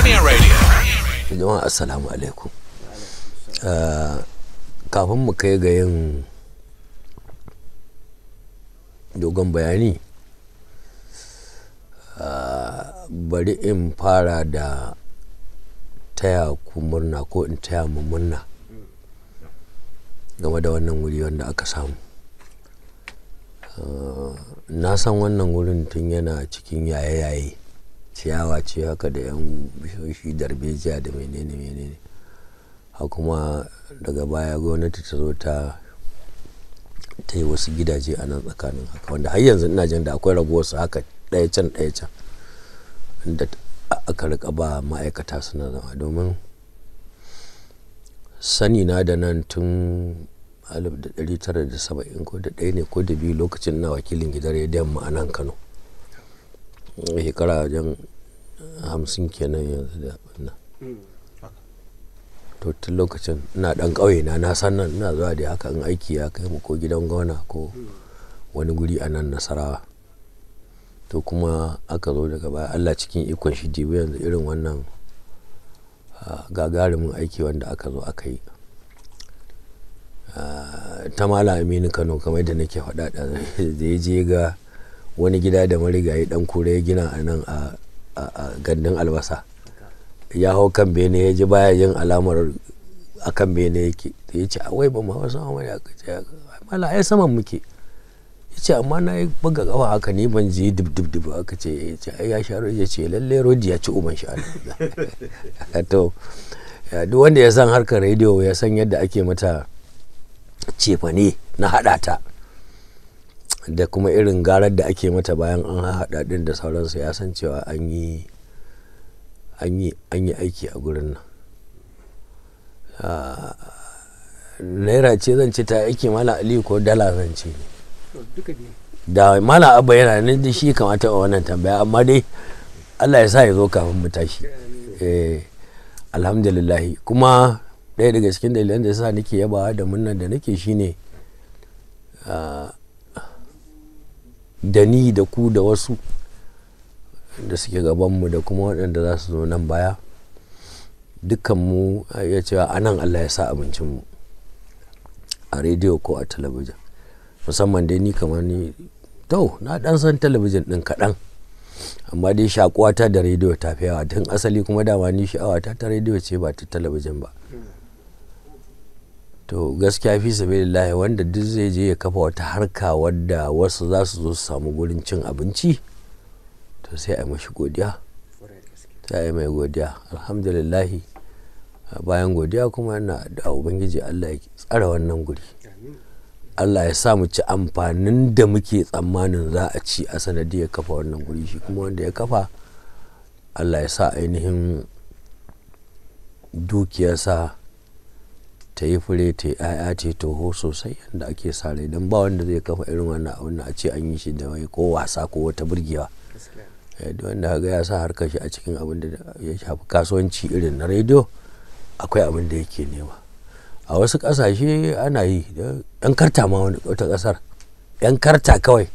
Premier alaikum. Ah, kafin mu kai ga yin dogon bayani ah, bari in fara da taya ku murna ko in taya mu murna game da wannan wuri wanda aka samu ah, na san wannan wurin tun yana cikin yaye-yaye ciyawa ce haka da yan bishoshi darbejiya da menene menene ha kuma daga baya gwamnati ta zo ta ta yi wasu gidaje a nan tsakanin haka wanda har yanzu ina jin da akwai raguwar su haka ɗaya can ɗaya can da aka rika ba ma'aikata suna zama domin sani na da nan tun 1970 ko da ɗaya ne ko da biyu lokacin na wakilin gidan ya mu a nan kano shekara wajen hamsin kenan yanzu da wannan to tun lokacin na dan ƙauye na na san nan ina zuwa da haka in aiki ya kai mu ko gidan gona ko wani guri a nan nasarawa to kuma aka zo daga baya allah cikin ikon shi dibu yanzu irin wannan gagarumin aiki wanda aka zo aka yi ta mala amini kano kamar da nake faɗa da je ga wani gida da marigayi dan kure ya gina a nan a gandun albasa ya hau kan bene ya ji baya yin alamar a kan bene yake da ya ce a wai ba ma sama mai aka ce mala ai saman muke ya ce amma na yi buga gawa haka ni ban ji dub dub dub aka ce ya ce ai ya sha ya ce lalle roji ya ci uban sha to duk wanda ya san harkar rediyo ya san yadda ake mata cefane na haɗa ta da kuma irin garar da ake mata bayan an haɗa ɗin da sauransu ya san cewa an yi aiki a gurin nan ah, naira ce zan ce ta aiki mala ali ko dala zan ce da mala abu yana nan da shi kamata a wannan tambaya amma dai allah ya sa ya zo kafin mu tashi eh, alhamdulillah kuma ɗaya daga cikin dalilan da sa nake yabawa da munnan da nake shine ne ah, da ni da ku da wasu da suke gabanmu da kuma waɗanda za su zo nan baya mu ya cewa a nan allah ya sa abincin mu a rediyo ko a talabijin musamman dai ni kamar ni to na ɗan san talabijin ɗin kaɗan amma dai shakuwata da rediyo ta fi yawa tun asali kuma dama ni sha'awata ta rediyo ce ba ta talabijin ba to gaskiya fi sabilillahi wanda duk zai je ya kafa wata harka wadda wasu za su zo su samu gurin cin abinci to sai a mashi godiya sai a mai godiya alhamdulillahi bayan godiya kuma yana da ubangiji allah ya tsara wannan guri allah ya sa mu ci amfanin da muke tsammanin za a ci a ya kafa wannan guri shi kuma wanda ya kafa allah ya sa ainihin dukiyarsa ta yi fure ta yi ‘ya'ya ta yi toho sosai yadda ake sa rai don ba wanda zai kafa irin wannan abin a ce an yi shi da wai ko wasa ko wata burgewa eh, duk wanda ga ya sa harkar shi a cikin abin da ya shafi kasuwanci irin na rediyo akwai abin da yake nema a wasu kasashe ana yi yan karta ma wani wata kasar yan karta kawai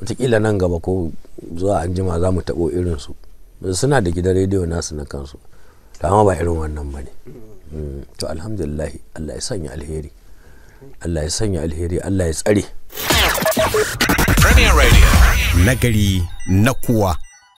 wataƙila nan gaba ko zuwa anjima za mu taɓo irinsu suna da gidan rediyo nasu na kansu kama ba irin wannan ba ne mm, to alhamdulillah allah ya sanya alheri allah ya sanya alheri allah ya tsare Premier Radio. Nagari na kuwa.